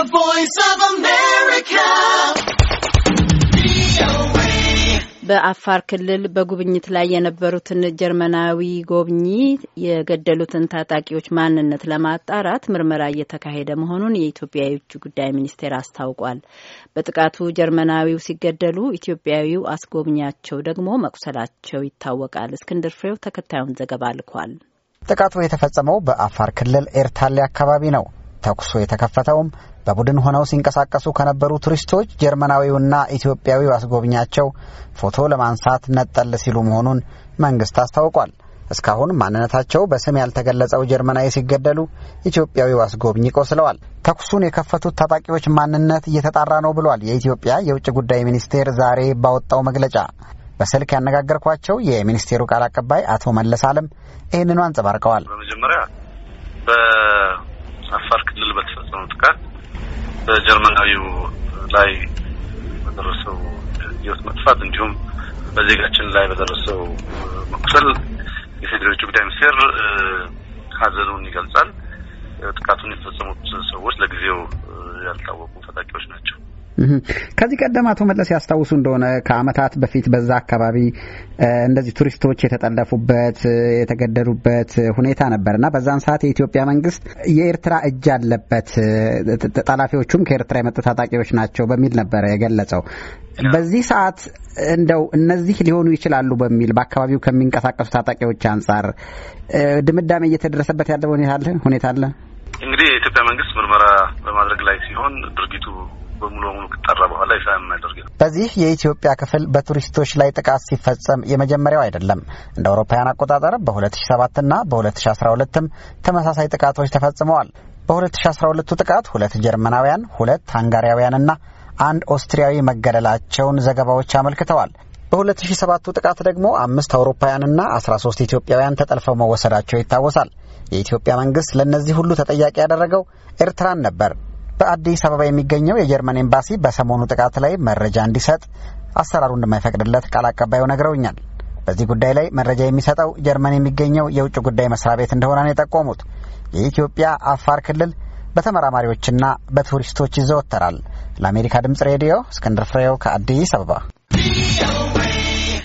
The Voice of America. በአፋር ክልል በጉብኝት ላይ የነበሩትን ጀርመናዊ ጎብኚ የገደሉትን ታጣቂዎች ማንነት ለማጣራት ምርመራ እየተካሄደ መሆኑን የኢትዮጵያ የውጭ ጉዳይ ሚኒስቴር አስታውቋል። በጥቃቱ ጀርመናዊው ሲገደሉ ኢትዮጵያዊው አስጎብኛቸው ደግሞ መቁሰላቸው ይታወቃል። እስክንድር ፍሬው ተከታዩን ዘገባ ልኳል። ጥቃቱ የተፈጸመው በአፋር ክልል ኤርታሌ አካባቢ ነው። ተኩሶ የተከፈተውም በቡድን ሆነው ሲንቀሳቀሱ ከነበሩ ቱሪስቶች ጀርመናዊውና ኢትዮጵያዊው አስጎብኛቸው ፎቶ ለማንሳት ነጠል ሲሉ መሆኑን መንግስት አስታውቋል። እስካሁን ማንነታቸው በስም ያልተገለጸው ጀርመናዊ ሲገደሉ፣ ኢትዮጵያዊው አስጎብኝ ቆስለዋል። ተኩሱን የከፈቱት ታጣቂዎች ማንነት እየተጣራ ነው ብሏል የኢትዮጵያ የውጭ ጉዳይ ሚኒስቴር ዛሬ ባወጣው መግለጫ። በስልክ ያነጋገርኳቸው የሚኒስቴሩ ቃል አቀባይ አቶ መለስ አለም ይህንኑ አንጸባርቀዋል። በመጀመሪያ አፋር ክልል በተፈጸመ ጥቃት በጀርመናዊው ላይ በደረሰው ህይወት መጥፋት እንዲሁም በዜጋችን ላይ በደረሰው መቁሰል የፌዴራል ውጭ ጉዳይ ሚኒስቴር ሀዘኑን ይገልጻል። ጥቃቱን የተፈጸሙት ሰዎች ለጊዜው ያልታወቁ ታጣቂዎች ናቸው። ከዚህ ቀደም አቶ መለስ ያስታውሱ እንደሆነ ከአመታት በፊት በዛ አካባቢ እንደዚህ ቱሪስቶች የተጠለፉበት የተገደሉበት ሁኔታ ነበር እና በዛን ሰዓት የኢትዮጵያ መንግስት የኤርትራ እጅ አለበት፣ ጣላፊዎቹም ከኤርትራ የመጡ ታጣቂዎች ናቸው በሚል ነበረ የገለጸው። በዚህ ሰዓት እንደው እነዚህ ሊሆኑ ይችላሉ በሚል በአካባቢው ከሚንቀሳቀሱ ታጣቂዎች አንጻር ድምዳሜ እየተደረሰበት ያለ ሁኔታ አለ ሁኔታ አለ። እንግዲህ የኢትዮጵያ መንግስት ምርመራ በማድረግ ላይ ሲሆን ድርጊቱ በሙሉ በሙሉ ከተጠራ በኋላ ይፋ የማያደርግ ነው። በዚህ የኢትዮጵያ ክፍል በቱሪስቶች ላይ ጥቃት ሲፈጸም የመጀመሪያው አይደለም። እንደ አውሮፓውያን አቆጣጠር በ2007 እና በ2012ም ተመሳሳይ ጥቃቶች ተፈጽመዋል። በ2012ቱ ጥቃት ሁለት ጀርመናውያን፣ ሁለት ሃንጋሪያውያንና አንድ ኦስትሪያዊ መገደላቸውን ዘገባዎች አመልክተዋል። በ2007ቱ ጥቃት ደግሞ አምስት አውሮፓውያንና 13 ኢትዮጵያውያን ተጠልፈው መወሰዳቸው ይታወሳል። የኢትዮጵያ መንግስት ለእነዚህ ሁሉ ተጠያቂ ያደረገው ኤርትራን ነበር። በአዲስ አበባ የሚገኘው የጀርመን ኤምባሲ በሰሞኑ ጥቃት ላይ መረጃ እንዲሰጥ አሰራሩ እንደማይፈቅድለት ቃል አቀባዩ ነግረውኛል። በዚህ ጉዳይ ላይ መረጃ የሚሰጠው ጀርመን የሚገኘው የውጭ ጉዳይ መስሪያ ቤት እንደሆነ ነው የጠቆሙት። የኢትዮጵያ አፋር ክልል በተመራማሪዎችና በቱሪስቶች ይዘወተራል። ለአሜሪካ ድምፅ ሬዲዮ እስክንድር ፍሬው ከአዲስ አበባ